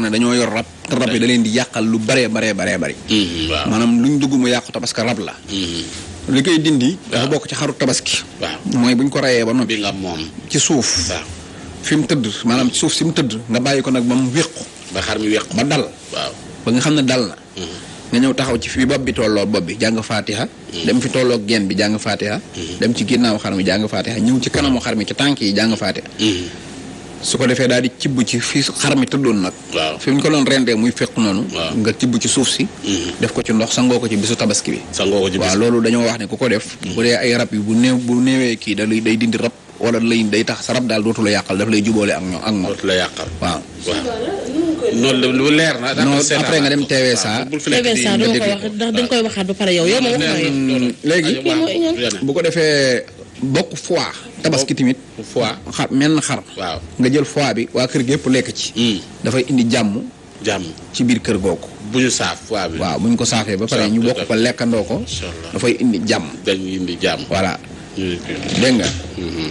ne dañoo yor rab te rab yi da leen di yàqal lu baree baree baree bëri mm-hmm, maanaam luñ dugg mu yàqu ta parce que rab la mm-hmm. li koy dindi dafa bokk ci xaru tabaski mooy buñ ko rayee ba noppi nga moom ci suuf fi mu tëdd maanaam suuf si mu tëdd nga bàyyi ko nag ba mu wéqu ba xar mi wéqu ba dal ba nga xam ne dal na mm-hmm. nga ñëw taxaw ci fi bopp bi tolloo bopp bi jàng faatiha dem fi tolloo gen bi jàng faatiha dem ci ginnaaw xar mi jàng faatiha ñëw ci kanamu xar mi ci tànk yi jàng faatiha su ko defee daal di cibb ci fii xar mi tëddoon nag. waaw fi mu ko doon rendee muy fekk noonu. nga cibb ci suuf si. Mm-hmm. def ko ci ndox sa ngoo ko ci bi bisu tabaski bi. sangoo ko loolu dañoo wax ne ku ko def. Mm-hmm. bu dee ay rab yi bu néew bu néewee kii da day dindi rab wala lay day tax sa rab daal dootu la yàqal daf lay juboole ak ñoom ak moom. dootu la yàqal waaw. noonu lu leer na. après nga dem TV saa. TV saa dama ko wax ndax dañ koy waxaat ba pare yow yow ma wax léegi bu ko defee bokk foie. tabaski tamit. foie xar menn xar. waaw nga jël foie bi waa kër gépp lekk ci. Hmm. dafay indi jàmm. jàmm ci biir kër googu. bu ñu saaf waaw bu ko saafee ba pare ñu bokk ko lekkandoo ko. dafay indi jàmm. dañuy indi jàmm. voilà. dégg nga. Hmm.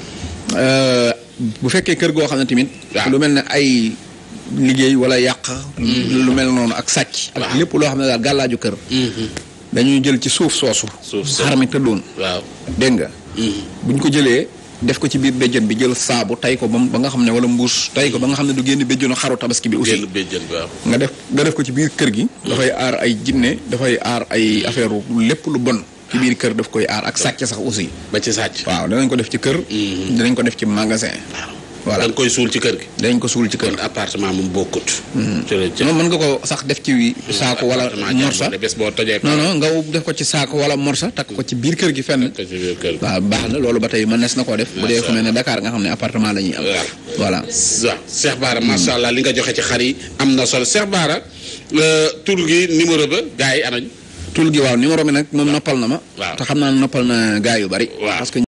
Euh, bu fekkee kër goo xam ne tamit. lu mel ne ay liggéey wala yàq. Hmm. lu mel noonu ak sàcc. ak lépp loo xam ne daal gàllaaju kër. dañuy jël ci suuf soosu. suuf soosu xar dégg nga. buñ ko jëlee def ko ci biir béjjën bi jël saabu tay ko ba ba nga xam ne wala mbuus tay ko ba nga xam ne du génn béjjënu xaru tabaski bi. aussi génn béjjën waaw. nga def nga def ko ci biir kër gi. dafay aar ay jinne dafay aar ay affaire lépp lu bon. ci biir kër daf koy aar ak sàcc sax aussi. ba ci sàcc. waaw danañ ko def ci kër. danañ ko def ci magasin. voilà dañ koy suul ci kër gi. dañ ko suul ci kër gi appartement moom bokkut. Hmm. ci non mën nga koo sax def ci saako wala morsa non non nga def ko ci saako wala morsa takk ko ci biir kër gi fenn. waaw baax na loolu ba tey mën nees na ko def. bu dee fu mel ne Dakar nga xam ne appartement la ñuy am. voilà waaw Cheikh Bara hmm. allah li nga joxe ci xar yi am na solo Cheikh baara euh, tur gi numéro ba gars yi anañ. tur gi waaw numéro bi nag moom noppal na ma. waaw te xam naa noppal na gars yu bari. parce